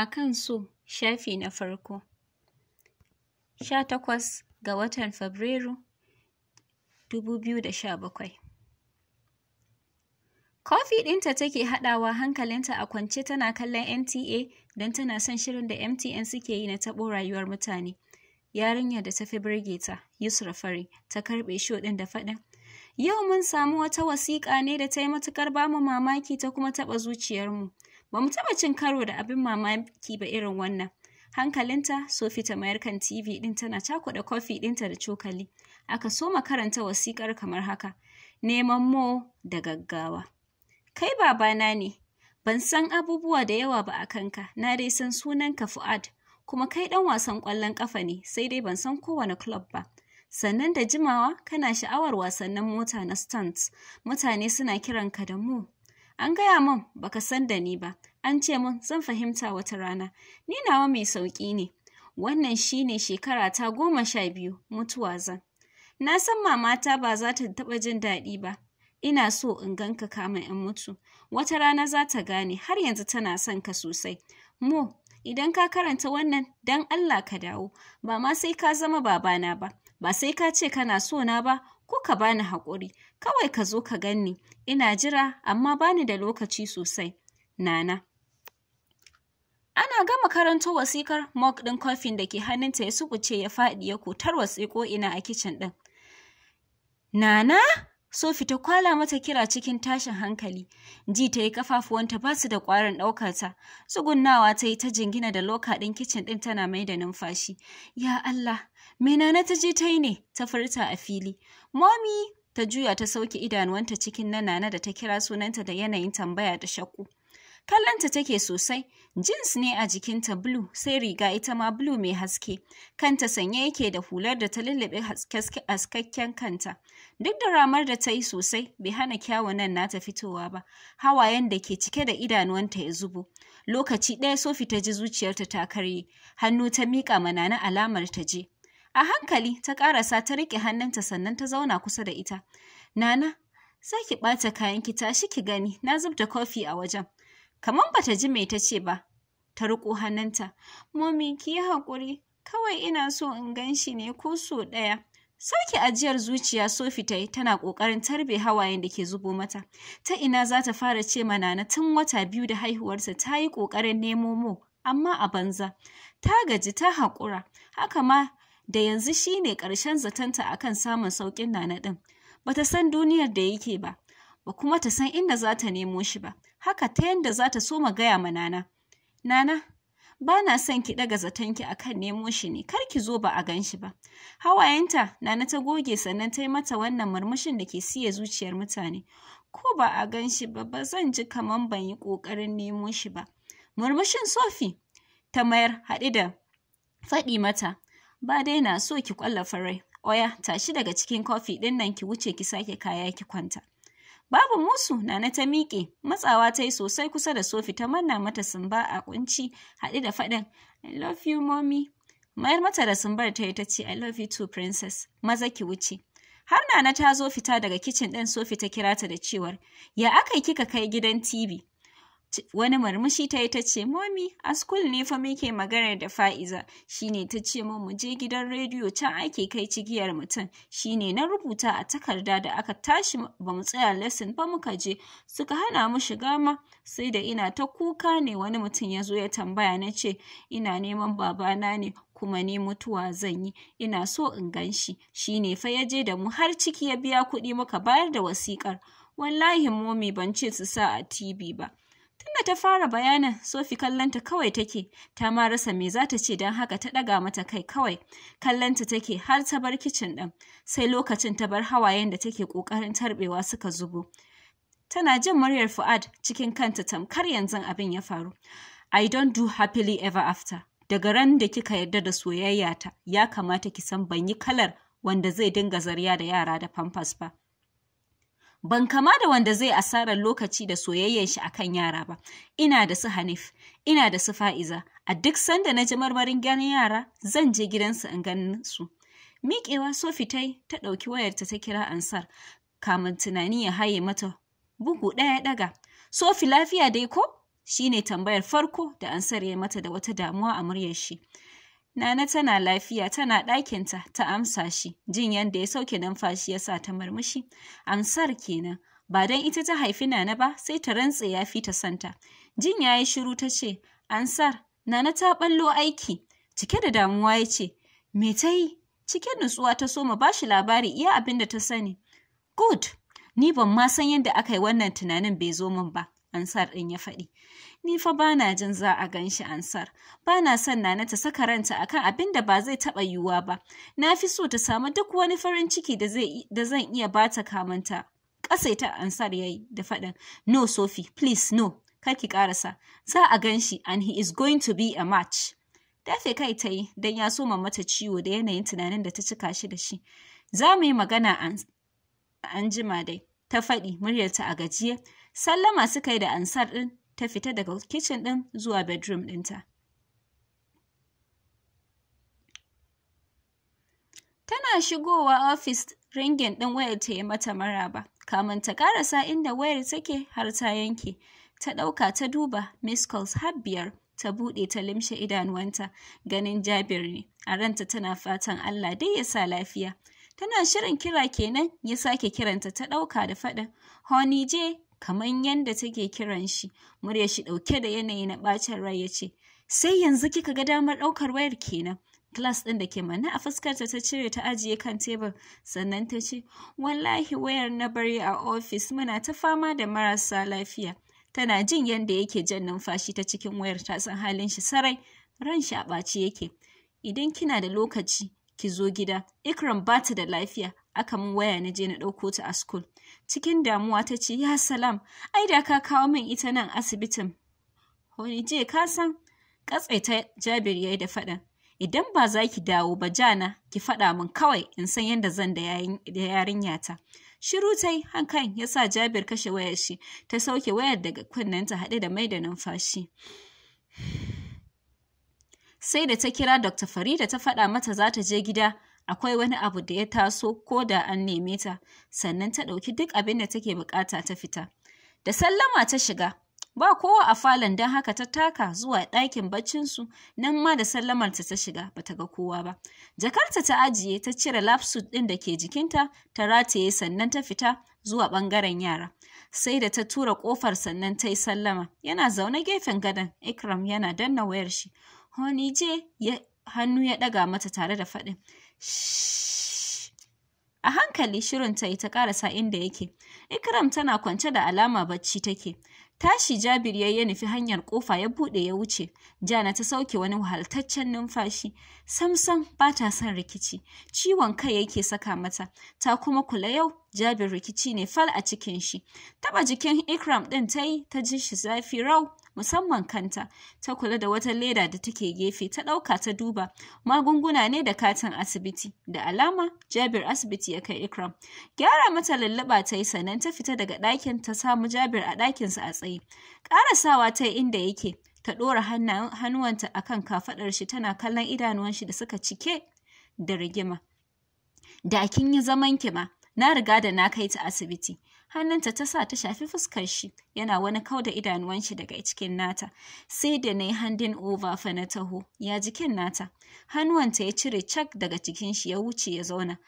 Akan kan so, shafi na farko. Sha takwas ga watan Fabrairu, dubu biyu da sha bakwai. Kofi ɗinta take haɗawa hankalinta a kwance tana kallon NTA don tana son shirin da MTN suke yi na taɓo rayuwar mutane. Yarinya da ta fi birge ta, Yusra Fari, ta karɓe sho ɗin da faɗin. Yau mun samu wata wasiƙa ne da ta yi matuƙar bamu mamaki ta kuma taɓa zuciyarmu. Ba mu taɓa cin karo da abin mamaki ba irin wannan. Hankalinta, Sophie ta mayar kan TV ɗin tana cakuɗa kofi ɗinta da cokali. Aka soma karanta wasiƙar kamar haka. Neman mo da gaggawa. Kai babana ne, ban san abubuwa da yawa ba a kanka, na dai san sunanka Fu'ad, kuma kai ɗan wasan ƙwallon ƙafa ne, sai dai ban san kowane club ba. sannan da jimawa kana sha'awar wasannin mota na stunts mutane suna kiranka da mu An gaya min baka san da ni ba, an ce min zan fahimta wata rana, ni nawa mai sauƙi ne. Wannan shi ne shekara ta goma sha biyu mutuwa zan. Na san mamata ba za ta taɓa jin daɗi ba, ina so in ganka kama in mutu. Wata rana za ta gane har yanzu tana son ka sosai. Mo, idan ka karanta wannan dan Allah ka dawo, ba ma sai ka zama babana ba, ba sai ka ce kana so na ba ko ka bani hakuri, kawai ka zo ka ganni, ina jira amma bani da lokaci sosai, Nana. Ana gama karanto wasikar mug ɗin kofin da ke hannunta ya subuce ya faɗi ya kotar watsi ko ina a kicin ɗin. Nana! Sofi ta kwala mata kira cikin tashin hankali, ji ta yi kafafuwanta ba su da ƙwarin ta tsugunnawa ta yi ta jingina da loka ɗin kicin ɗin tana mai da numfashi. Ya Allah, Me Nana ta je ta yi ne? Ta furta a fili. Mami ta juya ta sauke idanuwanta cikin na Nana da ta kira sunanta da yanayin tambaya da shakku. Kallonta take sosai, jins ne a jikinta blue sai riga ita ma blue mai haske, kanta sanye yake da hular da ta lullube haskakken kanta. Duk da ramar da ta yi sosai bai hana kyawun nan nata fitowa ba, hawayen da ke cike da idanuwanta ya zubo. Lokaci ɗaya Sofi ta ji zuciyarta ta karye, hannu ta miƙa manana alamar ta je. A hankali ta ƙarasa ta riƙe hannunta sannan ta zauna kusa da ita. Nana, za ki ɓata ki, tashi ki gani, na zubta kofi a wajen. Kaman bata ji mai ta ce ba, ta riƙo hannunta. Momi, ki yi haƙuri, kawai ina so in gan shi ne ko so ɗaya. Sauki ajiyar zuciya Sofi ta yi tana ƙoƙarin tarbe hawayen da ke zubo mata. Ta ina za ta fara ce ma Nana tun wata biyu da haihuwarsa ta yi ƙoƙarin nemo mo, amma a banza. Ta gaji ta haƙura, haka ma da yanzu shi ne ƙarshen zatanta a kan samun sauƙin nana ɗin. Ba ta san duniyar da yake ba, ba kuma ta san inda za ta nemo shi ba, haka ta yadda za ta so ma gaya ma nana. Nana, ba na son ki ɗaga zaton a kan nemo shi ne, kar ki zo ba a gan shi ba. Hawayenta, nana ta goge sannan ta yi mata wannan murmushin da ke siya zuciyar mutane. Ko ba a gan shi ba, ba zan ji kamar ban yi ƙoƙarin nemo shi ba. Murmushin Sophie ta mayar haɗi da faɗi mata. ba dai na so ki kwallafa rai oya tashi daga cikin kofi din nan ki wuce ki sake kaya ki kwanta babu musu nana ta miƙe matsawa ta yi sosai kusa da sofi ta manna mata sumba a kunci haɗe da faɗin i love you mommy mayar mata da sumbar ta yi ta ce i love you too princess maza ki wuce har nana ta zo fita daga kicin ɗin sofi ta kira ta da cewar ya aka kika kai gidan tv wani murmushi ta yi ta ce momi a school ne fa muke maganar da fa'iza shine ta ce min mu je gidan rediyo can ake kai cigiyar mutum shine na rubuta a takarda da aka tashi ba mu tsaya lesson ba muka je suka hana mu shiga ma sai da ina ta kuka ne wani mutum ya zo ya tambaya na ce ina neman babana ne kuma ne mutuwa zan yi ina so in ganshi." shi shine fa ya je da mu har ciki ya biya kuɗi muka bayar da wasiƙar wallahi momi ban ce su sa a TV ba Haka ta fara bayanin Sofi kallonta kawai take, ta ma rasa me za ta ce don haka ta ɗaga mata kai kawai. Kallonta take har ta bar kicin ɗin, sai lokacin ta bar hawayen da take ƙoƙarin tarbewa suka zubo. Tana jin muryar Fu'ad cikin kanta tamkar yanzu abin ya faru. I don't do happily ever after. Daga ran da kika yarda da soyayya ta ya kamata ki san ban yi kalar wanda zai dinga zariya da yara da pampers ba. ban kama da wanda zai asarar lokaci da soyayyen shi akan yara ba ina da su hanif ina da su fa'iza a duk sanda na ji marmarin ganin yara zan je gidansu in ganin su miƙewa sofi ta ɗauki wayarta ta kira ansar kamun tunani ya haye mata bugu ɗaya ɗaga sofi lafiya dai ko shine tambayar farko da ansar ya mata da wata damuwa a muryar shi Nana tana lafiya tana ɗakinta ta amsa shi, jin yadda ya sauke numfashi ya sa ta murmushi. Amsar kenan, ba don ita ta haifi Nana ba sai ta rantse ya fi ta santa. Jin ya yi shiru ta ce, Ansar, Nana ta ɓallo aiki, cike da damuwa ya ce, Me ta yi? Cikin nutsuwa ta soma ba shi labari iya abin da ta sani. Good, ni ban ma san yadda aka yi wannan tunanin bai zo min ba, Ansar ɗin ya faɗi. ni fa ba na jin za a gan shi ansar ba na son nana ta saka ranta a kan abin da ba zai taɓa yiwuwa ba na fi so ta samu duk wani farin ciki da zan iya ba ta kamanta ta ansar ya yi da faɗin no sophie please no kar ki ƙarasa za a gan shi and he is going to be a match dafe kai ta yi don ya soma mata ciwo da yanayin tunanin da ta cika shi da shi za mu yi magana an jima dai ta faɗi muryarta a gajiye sallama suka yi da ansar ɗin ta fita daga kicin ɗin zuwa bedroom ɗinta. Tana shigowa ofis ringin ɗin wayar ta yi mata maraba, kamun ta ƙarasa inda wayar take har ta yanke. Ta ɗauka ta duba miss calls har biyar, ta buɗe ta limshe idanuwanta ganin Jabir ne, a ranta tana fatan Allah dai ya sa lafiya. Tana shirin kira kenan ya sake kiranta ta ɗauka da faɗin, Honey J, kamar yadda take kiran shi murya shi ɗauke da yanayi na ɓacin rai ya ce sai yanzu kika ga damar ɗaukar wayar kenan Glass ɗin da ke manna a fuskarta ta cire ta ajiye kan tebur sannan ta ce, Wallahi wayar na bari a ofis muna ta fama da marasa lafiya. Tana jin yadda yake jan numfashi ta cikin wayar ta san halin shi sarai, ran shi a ɓace yake. Idan kina da lokaci, ki zo gida, Ikram ba ta da lafiya, aka min waya na je na ɗauko ta a school cikin damuwa ta ce ya salam ai da ka kawo min ita nan asibitin wani je ka san katsaita jabir yayi da faɗan idan ba za ki dawo ba jana ki faɗa min kawai in san yadda zan da yarinya ta shiru tai hankan ya sa jabir kashe wayar shi ta sauke wayar daga kunnenta haɗe da mai da numfashi sai da ta kira dr farida ta faɗa mata za ta je gida akwai wani abu da ya taso ko da an neme ta sannan ta ɗauki duk abin da take bukata ta fita da sallama ta shiga ba kowa a falon don haka ta taka zuwa ɗakin baccinsu nan ma da sallamarta ta shiga ba ta ga kowa ba jakarta ta ajiye ta cire lapsuit ɗin da ke jikinta ta rataye sannan ta fita zuwa ɓangaren yara sai da ta tura ƙofar sannan ta yi sallama yana zaune gefen gadon ikram yana danna wayar shi honey je hannu ya ɗaga mata tare da faɗin A hankali shirin ta yi ta ƙarasa inda yake. Ikram tana kwance da alama bacci take. Tashi Jabir ya yi nufi hanyar kofa ya buɗe ya wuce. Jana ta sauke wani wahaltaccen numfashi. Samsam ba ta son rikici. Ciwon kai yake saka mata. Ta kuma kula yau jabin rikici ne fal a cikin shi. Taba jikin Ikram ɗin ta yi ta ji shi zafi rau musamman kanta. Ta kula da wata leda da take gefe ta ɗauka ta duba. Magunguna ne da katin asibiti. Da alama Jabir asibiti ya kai Ikram. Gyara mata lulluɓa ta yi sannan ta fita daga ɗakin ta samu Jabir a ɗakinsa a tsaye. Ƙarasawa ta yi inda yake. Ta ɗora hannuwanta a kan kafaɗar shi tana kallon idanuwan shi da suka cike da rigima. Da kin yi zaman ki na riga da na kai ta asibiti hannunta ta sa ta shafi fuskar shi yana wani kau da idanuwan shi daga cikin nata sai da na yi handin over fa na taho ya jikin nata hannuwanta ya cire cak daga cikin shi ya wuce ya zauna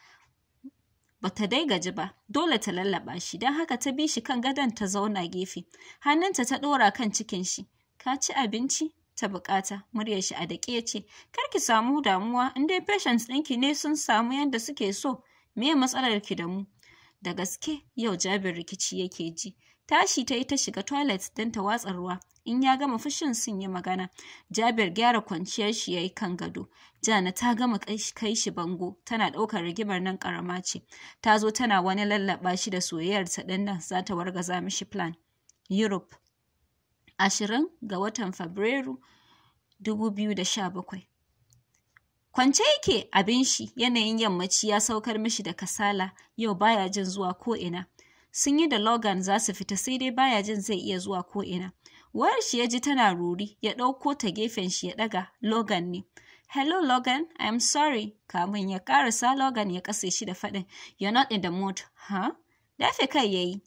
Ba ta dai gaji ba dole ta lallaba shi don haka ta bi shi kan gadon ta zauna gefe hannunta ta ɗora kan cikin shi ka ci abinci ta bukata muryar shi a dake ce kar ki samu damuwa in dai patients ɗinki ne sun samu yadda suke so me matsalar ki da mu da gaske yau jabir rikici yake ji tashi ta yi ta shiga toilet don ta watsa ruwa in ya gama fushin sun yi magana jabir gyara kwanciyar shi ya yi kan gado jana ta gama kai shi bango tana ɗaukar rigimar nan ƙarama ce ta zo tana wani lallaɓa shi da soyayyar ta ɗin nan za ta wargaza mishi plan europe ashirin ga watan fabrairu 2017 Kwance yake abin shi yanayin yammaci ya saukar mishi da kasala yau baya jin zuwa ko'ina. Sun yi da Logan za su fita sai dai baya jin zai iya zuwa ko'ina. Wayar shi ya ji tana ruri ya ɗauko ta gefen shi ya ɗaga Logan ne. Hello Logan, I'm sorry. Kamun ya ƙarasa Logan ya kase shi da faɗin You're not in the mood, ha? Dafe kai ya yi.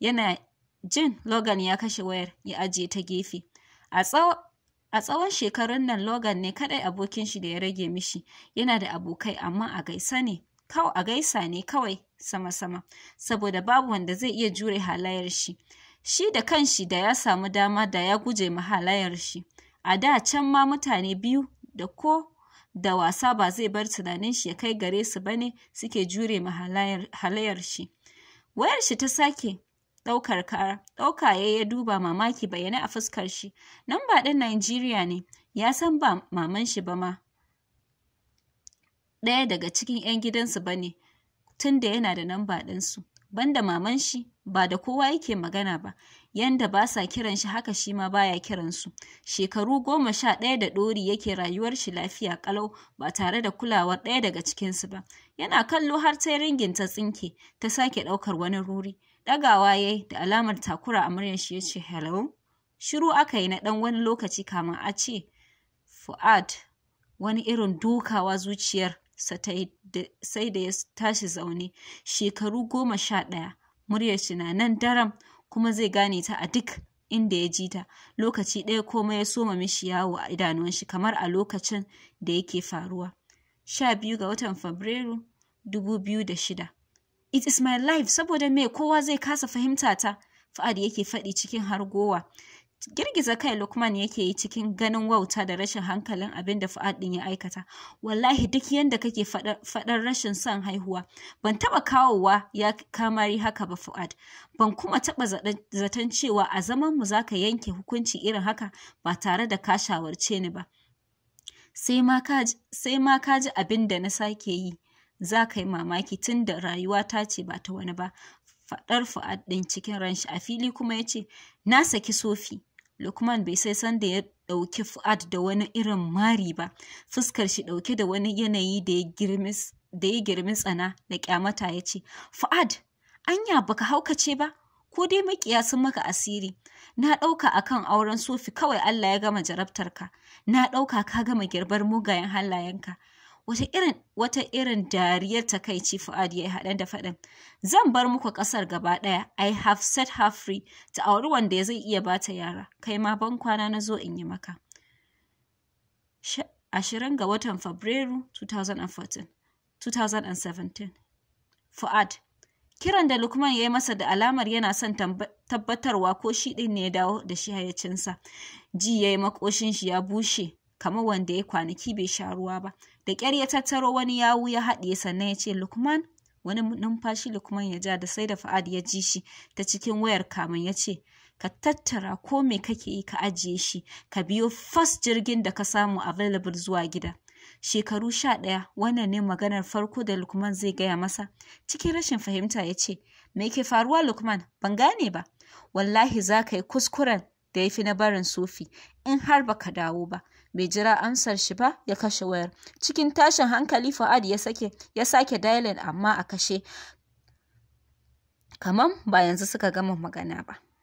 Yana jin Logan ya kashe wayar ya ajiye ta gefe. A tsawo A tsawon shekarun nan Logan ne kaɗai abokin shi da ya rage mishi, yana da abokai amma a gaisa ne, kawai a gaisa ne kawai sama-sama, saboda babu wanda zai iya jure halayar shi. Shi da kanshi da ya samu dama da ya guje ma halayar shi. A da can ma mutane biyu da ko da wasa ba zai bar tunanin shi ya kai gare su bane suke jure ma halayar shi. Wayar shi ta sake ɗaukar kara ɗauka ya ya duba mamaki bayyane a fuskar shi nan ba ɗan Najeriya ne ya san ba maman shi ba ma ɗaya daga cikin 'yan gidansu ba ne tun yana da namba ɗinsu banda maman shi ba da kowa yake magana ba yanda ba sa kiran shi haka shi ma baya kiran su shekaru goma sha ɗaya da ɗori yake rayuwar shi lafiya ƙalau ba tare da kulawar ɗaya daga cikinsu ba yana kallo har sai ringin ta tsinke ta sake ɗaukar wani ruri Ɗagawa ya yi da alamar takura a muryar shi ya ce hello. Shiru aka yi na dan wani lokaci kamar a ce Fu'ad wani irin dukawa zuciyar sa ta sai da ya tashi zaune shekaru goma sha ɗaya muryar shi na nan daram kuma zai gane ta a duk inda ya ji ta lokaci ɗaya koma ya soma mishi yawo a idanuwan shi kamar a lokacin da yake faruwa sha biyu ga watan fabrairu dubu da shida It is my life saboda me kowa zai kasa fahimta ta. Fa'ad yake faɗi cikin hargowa. girgiza kai Lukman yake yi cikin ganin wauta da rashin hankalin abin da fa’ad ɗin ya aikata. Wallahi duk yadda kake faɗar rashin son haihuwa, ban taɓa kawowa ya kamari haka ba Fa'ad. Ban kuma taɓa zaton cewa a zaman mu ka yanke hukunci irin haka ba tare da ka shawarce ni ba. Sai ma ka ji abin da na sake yi. za ka yi mamaki tun da rayuwa ta ce ba ta wani ba faɗar fu'ad ɗin cikin ranshi a fili kuma ya ce na saki sofi lukman bai sai san da ya ɗauki fa'ad da wani irin mari ba fuskar shi ɗauke da wani yanayi da ya girmi tsana da kyamata ya ce fu'ad anya baka haukace ba ko dai makiya sun maka asiri na ɗauka akan auren sofi kawai allah ya gama jarabtarka na ɗauka ka gama girbar mugayen halayenka wata irin wata irin dariyar takaici Fuad ya haɗa da faɗin zan bar muku ƙasar gaba ɗaya I have set her free ta auri wanda zai iya bata yara kai ma ban kwana na zo in yi maka ashirin ga watan Fabrairu 2014 2017 Fuad kiran da Lukman ya yi masa da alamar yana son tabbatarwa ko shi ɗin ne ya dawo da shi hayacinsa ji ya yi makoshin shi ya bushe kamar wanda ya kwanaki bai sha ruwa ba da ƙyar ya tattaro wani yawu ya haɗiye sannan ya ce lukman wani numfashi lukman ya ja da sai da fa'ad ya ji shi ta cikin wayar kamun ya ce ka tattara ko me kake yi ka ajiye shi ka biyo fas jirgin da ka samu available zuwa gida shekaru sha ɗaya wannan ne maganar farko da lukman zai gaya masa cikin rashin fahimta ya ce me ke faruwa lukman ban gane ba wallahi za ka yi kuskuren da ya fi na barin sofi in har baka dawo ba bai jira amsar shi ba ya kashe wayar cikin tashin hankali fa'ad ya sake ya sake dialing amma a kashe kamar ba yanzu suka gama magana ba